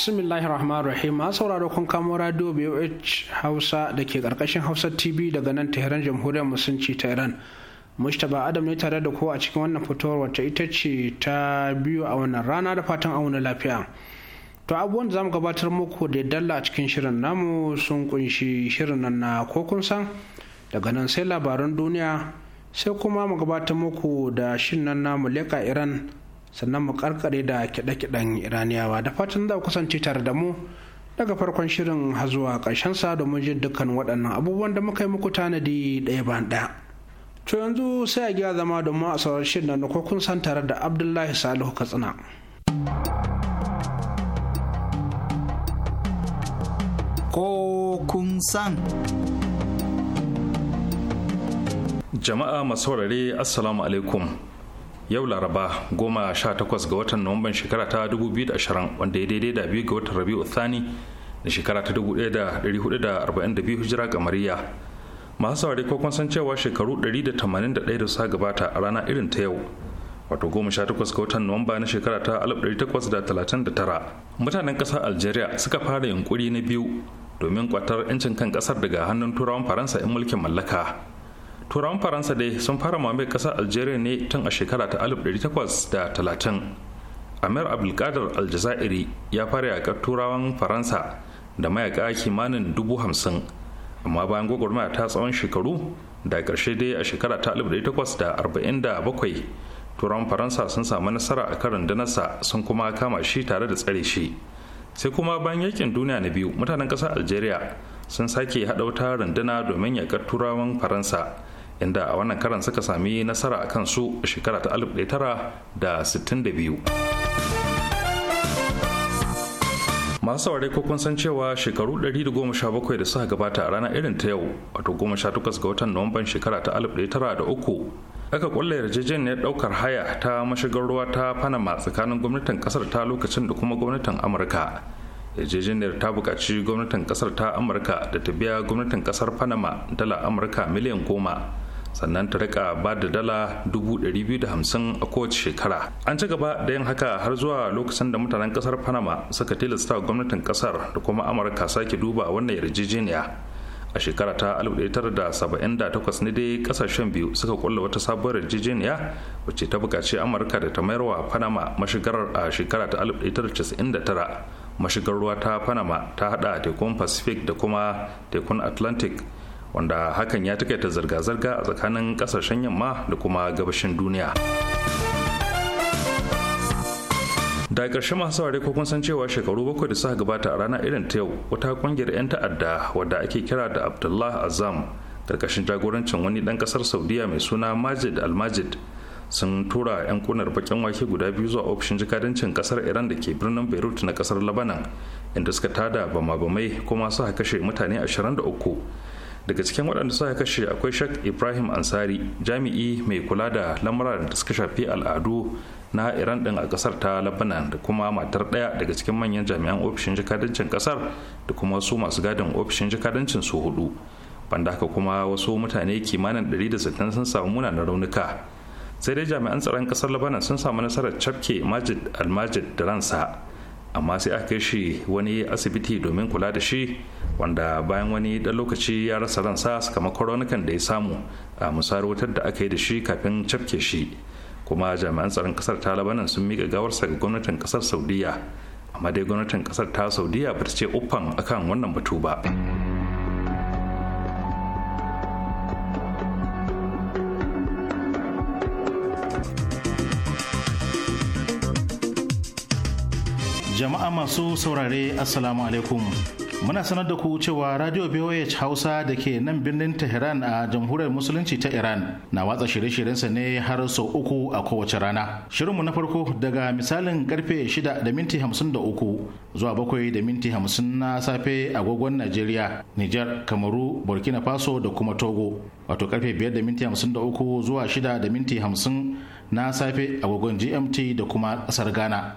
bismillahi rahman rahim a sauraro kun kamo radio boh hausa da ke karkashin hausa tv daga nan tehran jamhuriyar musulunci ta iran mustapha adam ne tare da ko a cikin wannan fitowar wacce ita ce ta biyu a wannan rana da fatan auna lafiya to abubuwan da zamu gabatar muku da dalla a cikin shirin namu sun kunshi shirin nan na ko kun san daga nan sai labaran duniya sai kuma mu gabatar muku da shirin nan namu leka iran sannan mu karkare da kiɗe-kiɗen iraniyawa da fatan za kusance tare da mu daga farkon shirin har zuwa ƙarshen sa domin jin dukkan waɗannan abubuwan da muka yi muku tanadi ɗaya ban ɗaya to yanzu sai a gina zama domin a sauran shirin na ko kun san tare da abdullahi salihu katsina ko kun san jama'a masu assalamu alaikum yau laraba goma sha takwas ga watan nuwamban shekara ta 2020 wanda ya daidai da biyu ga watan rabi'u thani da shekara ta 1442 hijira kamariya masu saurari ko kun san cewa shekaru 181 da sa gabata a rana irin ta yau wato 18 ga watan nuwamba na shekara ta 1839 mutanen kasar algeria suka fara yunkuri na biyu domin kwatar 'yancin kan kasar daga hannun turawan faransa 'yan mulkin mallaka turawan faransa dai sun fara mamaye kasar algeria ne tun a shekara ta 1830 amir abdulkadir aljazairi ya fara yakar turawan faransa da mayaka kimanin dubu hamsin amma bayan gwagwarmaya ta tsawon shekaru da ƙarshe dai a shekara ta 1847 turawan faransa sun samu nasara a karin danasa sun kuma kama shi tare da tsare shi sai kuma bayan yakin duniya na biyu mutanen ƙasar algeria sun sake haɗa wata rundunar domin yakar turawan faransa inda a wannan karan suka sami nasara a kansu a shekara ta 1962 masu saurare ko kun san cewa shekaru 117 da suka gabata a ranar irin ta yau wato 18 ga watan nuwamban shekara ta 1903 aka kulle yarjejeniyar daukar haya ta mashigar ruwa ta panama tsakanin gwamnatin kasar ta lokacin da kuma gwamnatin amurka yarjejeniyar ta buƙaci gwamnatin kasar ta amurka da ta biya gwamnatin kasar panama dala amurka miliyan goma sannan ta rika ba da dala 250,000 a kowace shekara an ci gaba da yin haka har zuwa lokacin da mutanen kasar panama suka tilasta gwamnatin kasar da kuma amurka sake duba wannan yarjejeniya a shekara ta 1978 ne dai kasashen biyu suka kulla wata sabuwar yarjejeniya wacce ta bukaci amurka da ta mayarwa panama mashigarar a shekara ta 1999 mashigar ruwa ta panama ta hada tekun pacific da kuma tekun atlantic wanda hakan ya takaita zirga-zirga a tsakanin kasashen yamma da kuma gabashin duniya da ƙarshe masu saurare ko kun san cewa shekaru bakwai da suka gabata a rana irin ta yau wata ƙungiyar 'yan ta'adda wadda ake kira da abdullah azam karkashin jagorancin wani ɗan ƙasar saudiya mai suna majid almajid sun tura 'yan kunar bakin wake guda biyu zuwa ofishin jikadancin kasar iran da ke birnin beirut na kasar labanan inda suka tada bama-bamai kuma suka kashe mutane ashirin da uku. daga cikin waɗanda suka kashe akwai shak ibrahim ansari jami'i mai kula da lamura da suka shafi al'adu na iran ɗin a ƙasar ta labanan da kuma matar ɗaya daga cikin manyan jami'an ofishin jakadancin ƙasar da kuma wasu masu gadin ofishin jakadancin su hudu banda haka kuma wasu mutane kimanin 160 sun samu munanan raunuka sai dai jami'an tsaron ƙasar labanan sun samu nasarar cafke majid almajid da ransa amma sai aka kai shi wani asibiti domin kula da shi wanda bayan wani ɗan lokaci ya rasa ransa sakamakon raunukan da ya samu a musayar wutar da aka yi da shi kafin cafke shi kuma jami'an tsaron kasar ta labanan sun miƙa gawarsa ga gwamnatin kasar saudiya amma dai gwamnatin kasar ta saudiya ba ta ce uffan akan wannan batu ba jama'a masu saurare assalamu alaikum Muna sanar da ku cewa Radio BOH Hausa da ke nan birnin Tehran a Jamhuriyar Musulunci ta Iran na watsa shirye-shiryensa ne har sau uku a kowace rana. Shirinmu na farko daga misalin karfe 6 da minti 53 zuwa 7 da minti 50 na safe a agogon Najeriya, Nijar, Kamaru, Burkina Faso da kuma Togo. Wato karfe 5 da minti 53 zuwa 6 da minti 50 na safe a agogon GMT da kuma Asar, Ghana.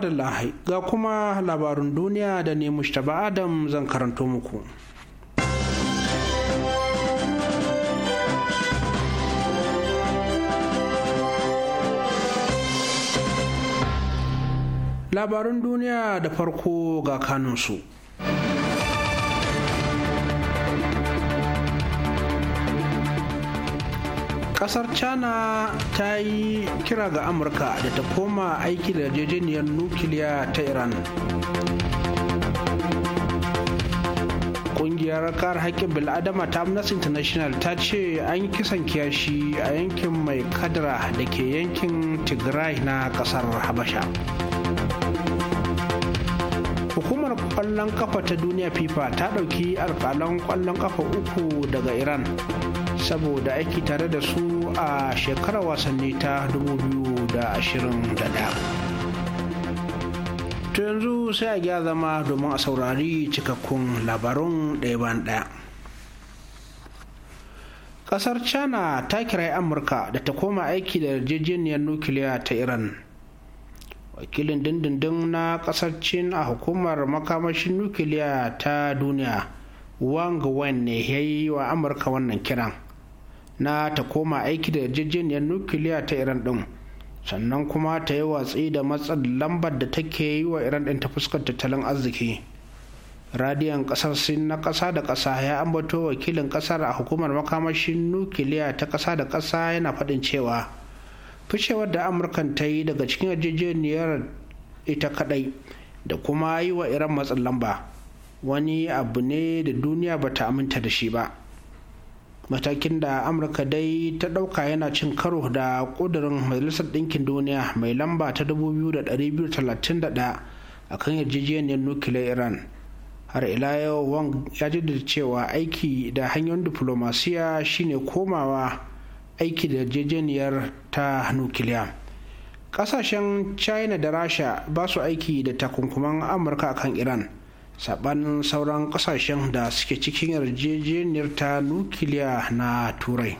da lahai ga kuma labarin duniya da ne mushtaba adam zan karanto muku Labarin duniya da farko ga kanunsu kasar china ta yi kira ga amurka da ta koma aiki da yarjejeniyar nukiliya ta iran ƙungiyar kar haƙƙin bil'adama ta amnesty international ta ce an yi kisan kiyashi a yankin mai kadra da ke yankin tigray na kasar habasha hukumar kwallon kafa ta duniya fifa ta ɗauki alƙalan kwallon kafa uku daga iran saboda aiki tare da su a shekarar wasanni ta 2021 to yanzu sai a gya zama domin a saurari cikakkun labarun ɗaya bayan ɗaya ƙasar china ta kirayi amurka da ta koma aiki da yarjejeniyar nukiliya ta iran wakilin dindindin na kasar cin a hukumar makamashin nukiliya ta duniya wang wen ne ya yi wa amurka wannan kiran na ta koma aiki da yarjejeniyar nukiliya ta iran din sannan kuma ta yi watsi da matsin lambar da take yi wa iran din ta fuskar tattalin arziki radiyon kasar sin na kasa da kasa ya ambato wakilin kasar a hukumar makamashin nukiliya ta kasa da kasa yana faɗin cewa ficewar da amurkan ta yi daga cikin yarjejeniyar ita kadai da kuma yi wa iran matsin lamba wani abu ne da duniya bata aminta da shi ba matakin da amurka dai ta dauka yana cin karo da kudurin majalisar ɗinkin duniya mai lamba ta 2231 a kan yarjejeniyar nukiliyar iran har ila yau wang ya jaddada cewa aiki da hanyoyin diflomasiya shine komawa aiki da yarjejeniyar ta nukiliya kasashen china da rasha ba su aiki da takunkuman amurka akan iran sabanin sauran kasashen da suke cikin yarjejeniyar ta nukiliya na turai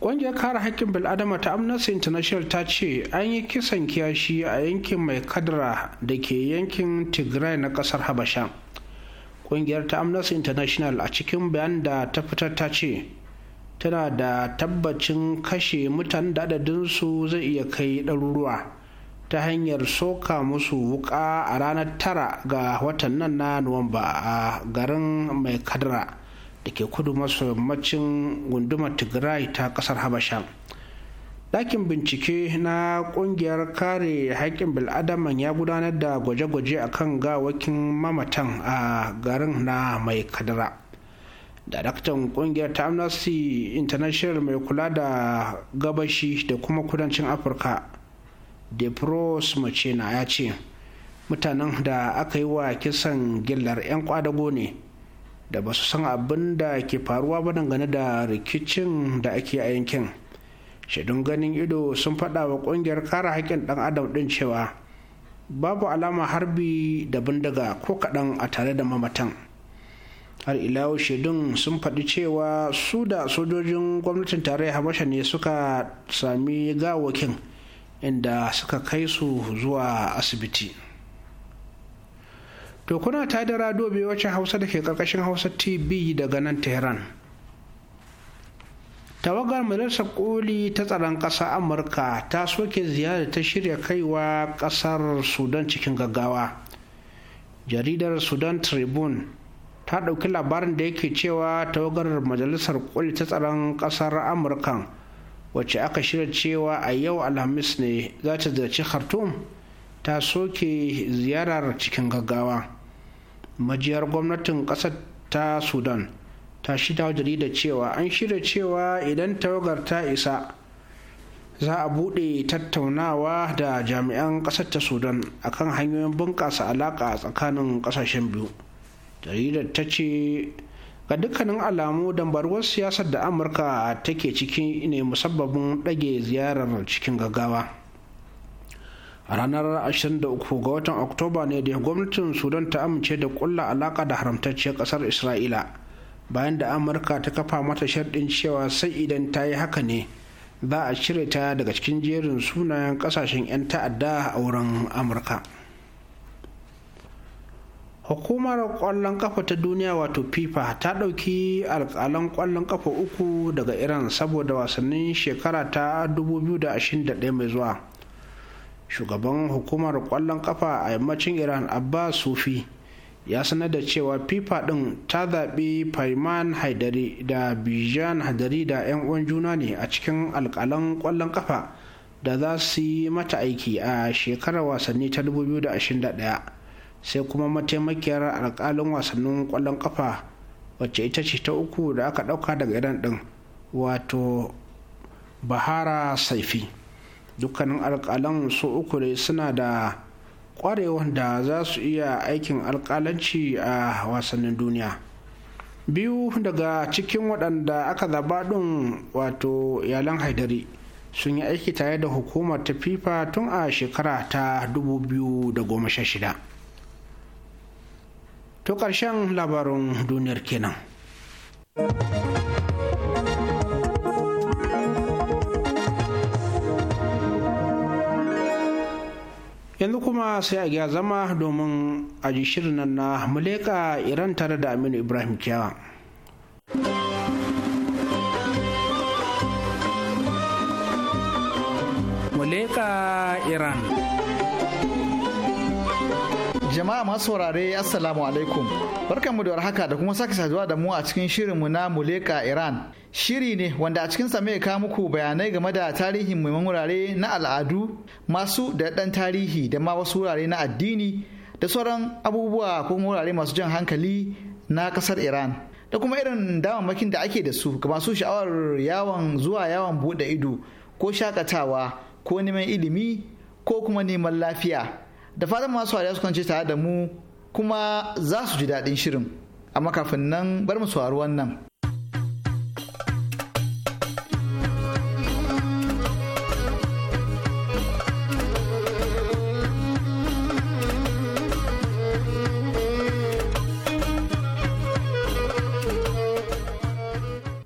ƙungiyar kare haƙƙin bil'adama ta amnesty international ta ce an yi kisan kiyashi a yankin mai kadra da ke yankin tigray na ƙasar habasha ƙungiyar ta amnesty international a cikin bayan da ta fitar ta ce tana da tabbacin kashe mutane da adadinsu zai iya kai ɗaruruwa ta hanyar soka musu wuka a ranar tara ga watan nan na nuwamba a garin mai kadara da ke kudu maso yammacin gundumar tigray ta kasar habasha ɗakin bincike na ƙungiyar kare haƙƙin bil'adaman ya gudanar da gwaje-gwaje a kan gawakin mamatan a garin na mai kadara daraktan ƙungiyar ta amnesty international mai kula da gabashi da kuma kudancin afirka depros machina ya ce mutanen da aka yi wa kisan gillar 'yan kwadago ne da ba su san abin da ke faruwa ba dangane da rikicin da ake a yankin shaidun ganin ido sun faɗa wa ƙungiyar kara haƙƙin ɗan adam ɗin cewa babu alama harbi da bindiga ko kaɗan a tare da mamatan har ilawo shaidun sun faɗi cewa su da sojojin gwamnatin tarayya habasha ne suka sami gawakin inda suka kai su zuwa asibiti to kuna ta da dobe wacce hausa da ke karkashin hausa tv daga nan tehran tawagar majalisar koli ta tsaron ƙasa amurka ta soke ziyarar ta shirya kaiwa ƙasar sudan cikin gaggawa jaridar sudan tribune ta ɗauki labarin da yake cewa tawagar majalisar koli ta tsaron ƙasar amurkan wacce aka shirya cewa a yau alhamis ne za ta ziyarci khartoum ta soke ziyarar cikin gaggawa majiyar gwamnatin ƙasar ta sudan ta shida jarida cewa an shirya cewa idan tawagar ta isa za a buɗe tattaunawa da jami'an ƙasar ta sudan akan hanyoyin bunƙasa alaƙa tsakanin ƙasashen biyu jaridar ta ce ga dukkanin alamu dambarwar siyasar da amurka take ciki ne musabbabin ɗage ziyarar cikin gaggawa a ranar 23 ga watan oktoba ne da gwamnatin sudan ta amince da kulla alaka da haramtacciyar ƙasar isra'ila bayan da amurka ta kafa mata sharɗin cewa sai idan ta yi haka ne za a cire ta daga cikin jerin sunayen ƙasashen 'yan ta'adda a wurin amurka hukumar kwallon kafa ta duniya wato fifa ta ɗauki alƙalan kwallon kafa uku daga iran saboda wasannin shekara ta 2021 mai zuwa shugaban hukumar kwallon kafa a yammacin iran abba sufi ya sanar da cewa fifa ɗin ta zaɓi paiman haidari da bijan haidari da 'yan uwan juna ne a cikin alkalan kwallon kafa da za su yi mata aiki a shekarar wasanni ta 2021 sai kuma mataimakiyar alkalin wasannin kwallon kafa wacce ita ce ta uku da aka dauka daga idan din wato bahara saifi dukkanin alkalan su uku ne suna da ƙwarewa da za su iya aikin alkalanci a wasannin duniya biyu daga cikin waɗanda aka zaba ɗin wato yalan haidari sun yi aiki tare da hukumar ta fifa tun a shekara ta 2016 to ƙarshen labarin duniyar kenan. yanzu kuma sai a gya zama domin a ji shirin nan na muleka iran tare da aminu ibrahim kyawa muleka iran Jama'a masu saurare Assalamu alaikum. mu da warhaka da kuma sake saduwa da mu a cikin shirinmu na Muleka Iran. Shiri ne wanda a cikin sa mai kawo muku bayanai game da tarihin muhimman wurare na al'adu masu da dan tarihi da ma wasu wurare na addini da sauran abubuwa ko wurare masu jan hankali na ƙasar Iran. Da kuma irin damammakin da ake da su ga masu sha'awar yawon zuwa yawon buɗe ido ko shakatawa ko neman ilimi ko kuma neman lafiya. da fatan masu wariya su kwanci tare da mu kuma za su ji daɗin shirin amma kafin nan bar mu saurari wannan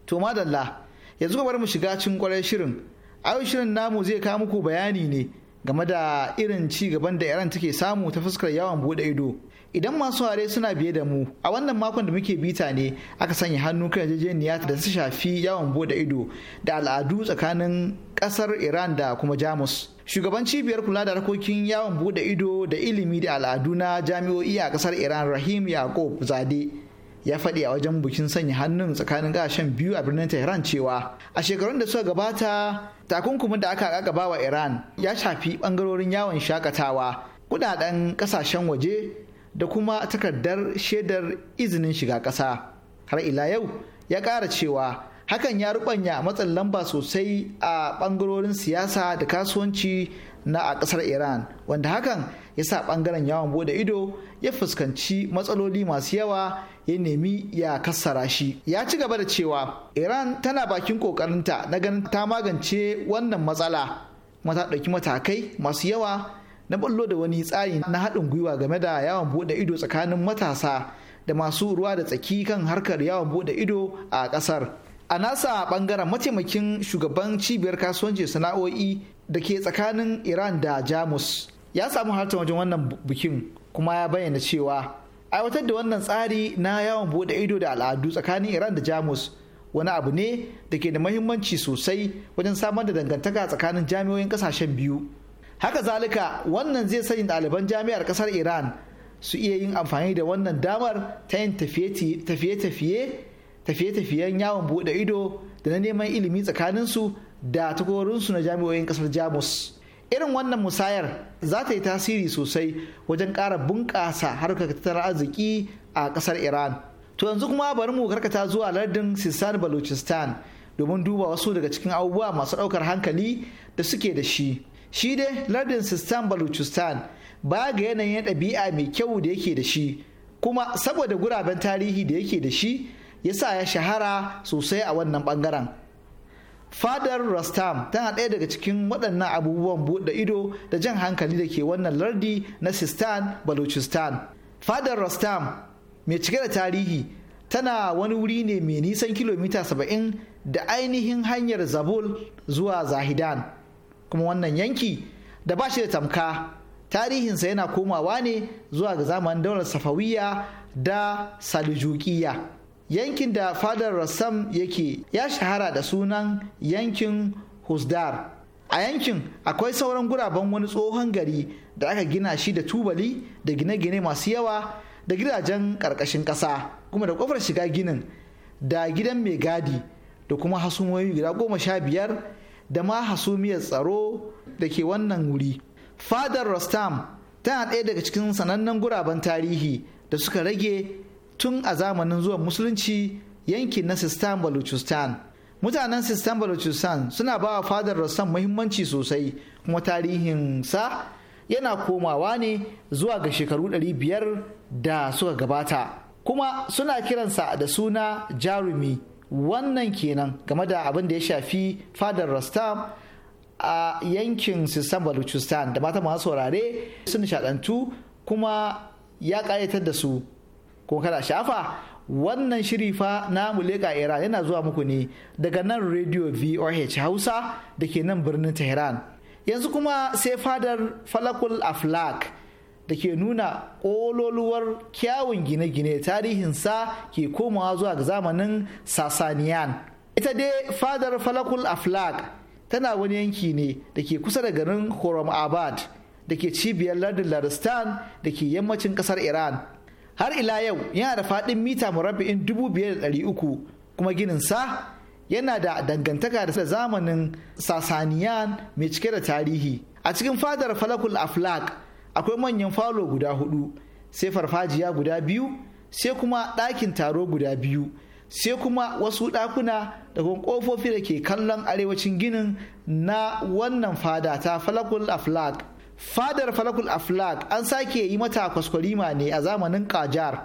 To madalla yanzu ka bar mu shiga cin kwarai shirin, ayo shirin namu zai kawo muku bayani ne game da irin ci gaban da Iran take samu ta fuskar yawan bude ido. Idan masu ware suna biye da mu, a wannan makon da muke bita ne aka sanya hannu kan yarjejeniya da su shafi yawan bude ido da al'adu tsakanin kasar Iran da kuma Jamus. Shugaban cibiyar kula da harkokin yawon bude ido da ilimi da al'adu na jami'o'i a kasar Iran Rahim Yakub Zade ya faɗi a wajen bikin sanya hannun tsakanin gashin biyu a birnin tehran cewa a shekarun da suka gabata takunkumin da aka gaba wa iran ya shafi ɓangarorin yawon shakatawa kudaden ƙasashen waje da kuma takardar shaidar izinin shiga ƙasa har ila yau ya ƙara cewa hakan ya rubanya matsin lamba sosai a ɓangarorin siyasa da kasuwanci na a ƙasar iran wanda hakan ya sa bangaren yawon bude ido ya fuskanci matsaloli masu yawa ya nemi ya kassara shi ya ci gaba da cewa iran tana bakin kokarinta na ganin ta magance wannan matsala mata ɗauki matakai masu yawa na ballo da wani tsari na haɗin gwiwa game da yawon bude ido tsakanin matasa da masu ruwa da tsaki kan harkar yawon bude ido a ƙasar a nasa bangaren mataimakin shugaban cibiyar kasuwanci sana'o'i da ke tsakanin iran da jamus ya samu halartar wajen wannan bikin kuma ya bayyana cewa aiwatar da wannan tsari na yawon bude ido da al'adu tsakanin iran da jamus wani abu ne da ke da mahimmanci sosai wajen samar da dangantaka tsakanin jami'oyin kasashen biyu haka zalika wannan zai sanya ɗaliban jami'ar ƙasar iran su iya yin amfani da wannan damar ta yin tafiye-tafiyen yawon bude ido da na neman ilimi tsakaninsu da takwarorinsu na jami'oyin kasar jamus irin wannan musayar za ta yi tasiri sosai wajen ƙara bunƙasa harkar tattalin arziki a ƙasar iran to yanzu kuma bari mu karkata zuwa lardin sistan balochistan domin duba wasu daga cikin abubuwa masu ɗaukar hankali da suke da shi shi dai lardin sistan balochistan ba ga yanayin ɗabi'a mai kyau da yake da shi kuma saboda guraben tarihi da yake da shi yasa ya shahara sosai a wannan bangaren. fadar rastam tana ɗaya daga cikin waɗannan abubuwan buɗe ido da jan hankali da ke wannan lardi na sistan balochistan fadar rastam mai cike da tarihi tana wani wuri ne mai nisan kilomita 70 da ainihin hanyar zabul zuwa zahidan kuma wannan yanki da ba shi da tamka tarihinsa yana komawa ne zuwa ga zamanin daular safawiya da salijukiya yankin da fadar rassam yake ya shahara da sunan yankin husdar a yankin akwai sauran guraben wani tsohon gari da aka gina shi da tubali da gine-gine masu yawa da gidajen ƙarƙashin ƙasa kuma da kofar shiga ginin da gidan mai gadi da kuma hasumomi guda goma sha biyar da ma hasumiyar tsaro da ke wannan wuri fadar Rastam tana ɗaya daga cikin sanannen guraben tarihi da suka rage tun a zamanin zuwan musulunci yankin na sistan baluchistan mutanen sistan baluchistan suna ba wa fadar rassan muhimmanci sosai kuma tarihin sa yana komawa ne zuwa ga shekaru 500 da suka gabata kuma suna kiransa da suna jarumi wannan kenan game da abin da ya shafi fadar rastam a yankin sistan baluchistan da mata masu saurare sun nishadantu kuma ya ƙayatar da su ko kada shafa wannan shiri fa na muleka iran yana zuwa muku ne daga nan radio voh hausa da ke nan birnin tehran yanzu kuma sai fadar falakul aflak da ke nuna ƙololuwar kyawun gine-gine tarihinsa ke komawa zuwa ga zamanin sasaniyan ita dai fadar falakul aflak tana wani yanki ne da ke kusa da garin horam abad da ke cibiyar lardin laristan da ke yammacin ƙasar iran har ila yau yana da faɗin mita murabba'in uku kuma ginin sa yana da dangantaka da zamanin sasaniyan mai cike da tarihi a cikin fadar falakul aflak akwai manyan falo guda hudu sai farfajiya guda biyu sai kuma ɗakin taro guda biyu sai kuma wasu ɗakuna da kuma ƙofofi da ke kallon arewacin ginin na wannan fada ta falakul aflak fadar falakul aflak an sake yi mata kwaskwarima ne a zamanin kajar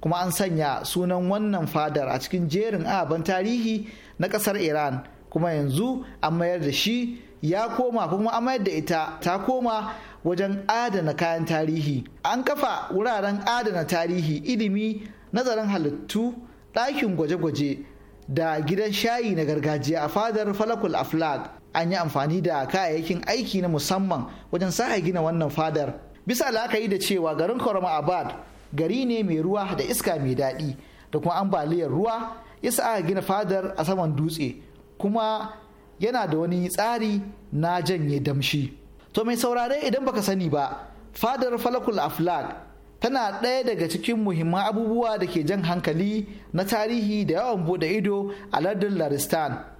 kuma an sanya sunan wannan fadar a cikin jerin ababen tarihi na kasar iran kuma yanzu an mayar da shi ya koma kuma an mayar da ita ta koma wajen adana kayan tarihi an kafa wuraren adana tarihi ilimi nazarin halittu ɗakin gwaje-gwaje da gidan shayi na gargajiya a fadar falakul aflak an yi amfani da kayayyakin aiki na musamman wajen sake gina wannan fadar bisa la'akari da cewa garin kwarama abad gari ne mai ruwa da iska mai daɗi da kuma ambaliyar ruwa ya sa aka gina fadar a saman dutse kuma yana da wani tsari na janye damshi to mai saurare idan baka sani ba fadar falakul aflak tana ɗaya daga cikin muhimman abubuwa da ke jan hankali na tarihi da yawan buɗe ido a lardin laristan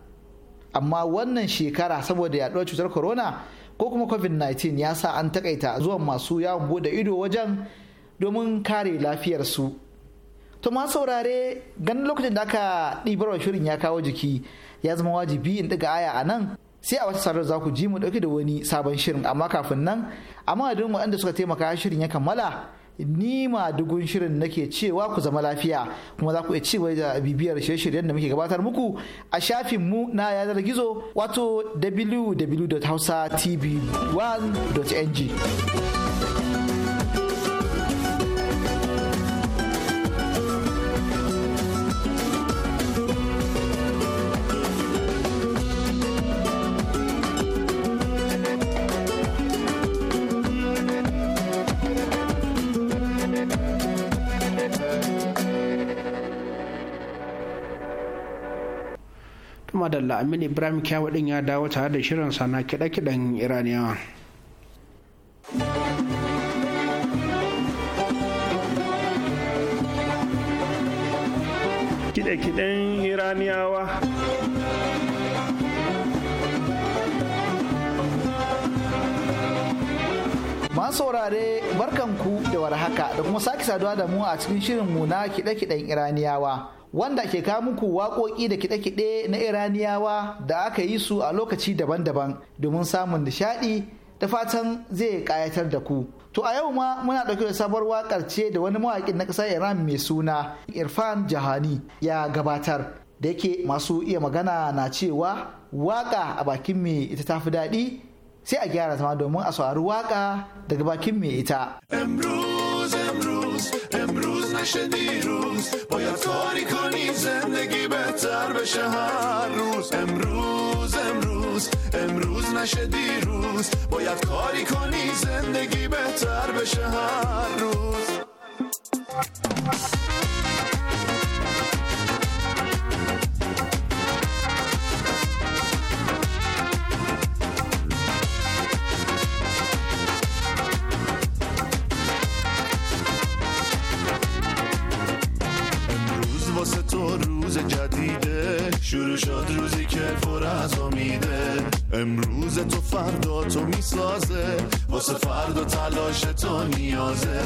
amma wannan shekara saboda yaduwar cutar corona ko kuma covid-19 ya sa an takaita zuwan masu yawon bude ido wajen domin kare lafiyarsu to ma saurare ganin lokacin da aka ɗibarwa shirin ya kawo jiki ya zama wajibi in ɗiga aya a nan sai a wata sarar za ku ji mu ɗauki da wani sabon shirin amma kafin nan a madadin waɗanda suka taimaka shirin ya kammala ni ma dugun shirin nake cewa ku zama lafiya kuma za ku iya ci da bibiyar shirye-shiryen da muke gabatar muku a shafin mu na yanar gizo wato www.hausatv1.ng madalla amin ibrahim kyawu din ya dawo tare da shirin sana kiɗa-kiɗan iraniyawa kiɗe-kiɗen iraniyawa saurare barkanku da warhaka da kuma sake saduwa da mu a cikin shirinmu na kiɗe-kiɗen iraniyawa wanda ke kawo muku waƙoƙi da kiɗe-kiɗe na iraniyawa da aka yi su a lokaci daban-daban domin samun nishaɗi da fatan zai ƙayatar da ku to a yau ma muna ɗauke da sabuwar waƙar ce da wani mawaƙin na ƙasar iran mai suna irfan jahani ya gabatar da yake masu iya magana na cewa waƙa a bakin mai ita tafi daɗi sai a gyara zama domin a saurari waƙa daga bakin mai ita. Emruz, بشه دیروز باید کاری کنی زندگی بهتر بشه هر روز امروز امروز امروز نشه دیروز باید کاری کنی زندگی بهتر بشه هر روز روز جدیده شروع شد روزی که پر از امیده امروز تو فردا تو میسازه واسه فردا تلاش تو نیازه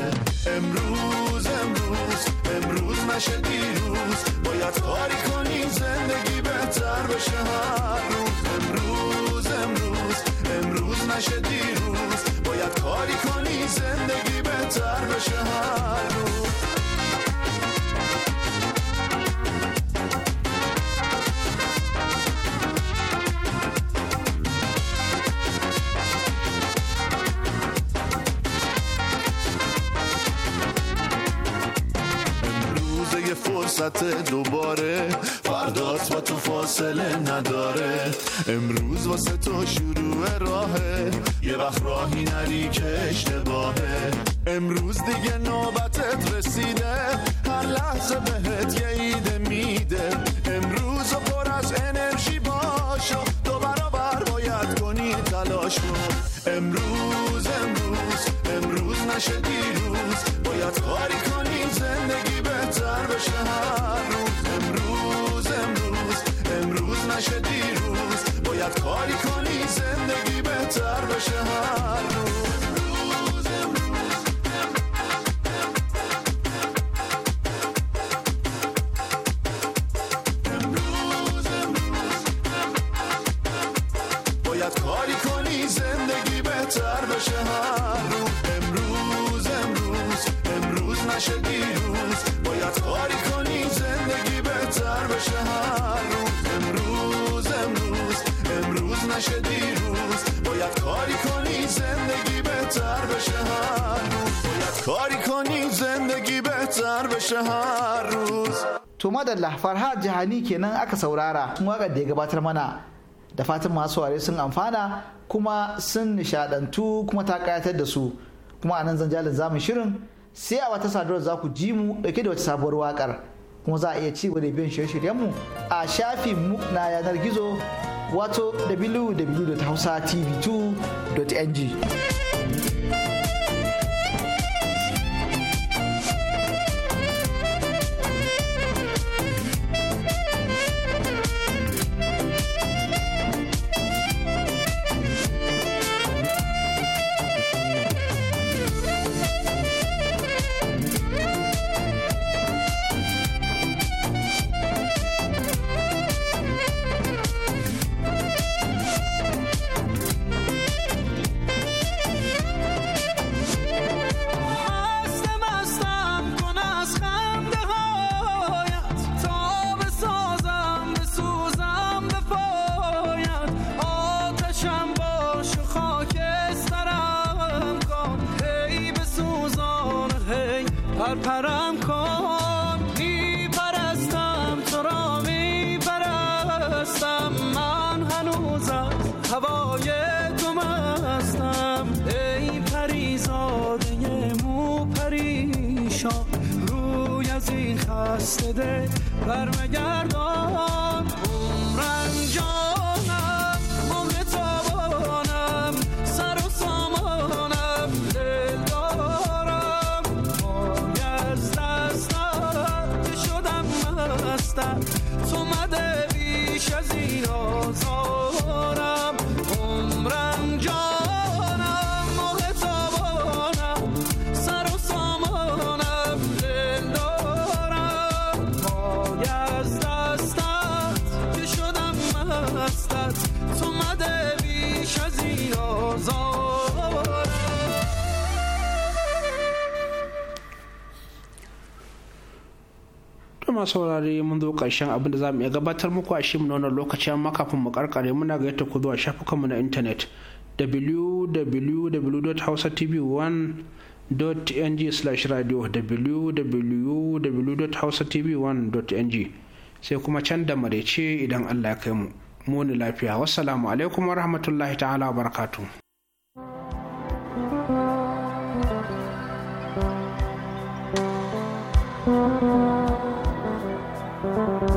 امروز امروز امروز نشه دیروز باید کاری کنیم زندگی بهتر بشه هر روز امروز امروز امروز نشه دیروز باید کاری کنی زندگی بهتر بشه هر روز فرصت دوباره فردات با تو فاصله نداره امروز واسه تو شروع راهه یه وقت راهی نری که اشتباهه امروز دیگه نوبتت رسیده هر لحظه به your heart کاری کنی زندگی بهتر بشه هر روز to madalla farha jihani kenan aka saurara waƙar da ya gabatar mana da fatan masu ware sun amfana kuma sun nishadantu kuma ta kayatar da su kuma a nan zanjalin zamu shirin sai a wata sadarwar za ku ji mu dauke da wata sabuwar wakar kuma za a iya ci da biyan shirye mu a shafin mu na yanar gizo wato www.hausatv2.ng masu saurare mun zo ƙarshen abin da za mu iya gabatar muku a shi na wannan lokaci amma kafin mu karkare muna gayyata ku zuwa shafukanmu na intanet www.hausatv1.ng/radio www.hausatv1.ng sai kuma can da maraice idan Allah ya kai mu ni lafiya wassalamu alaikum rahmatullahi ta'ala wa Thank you.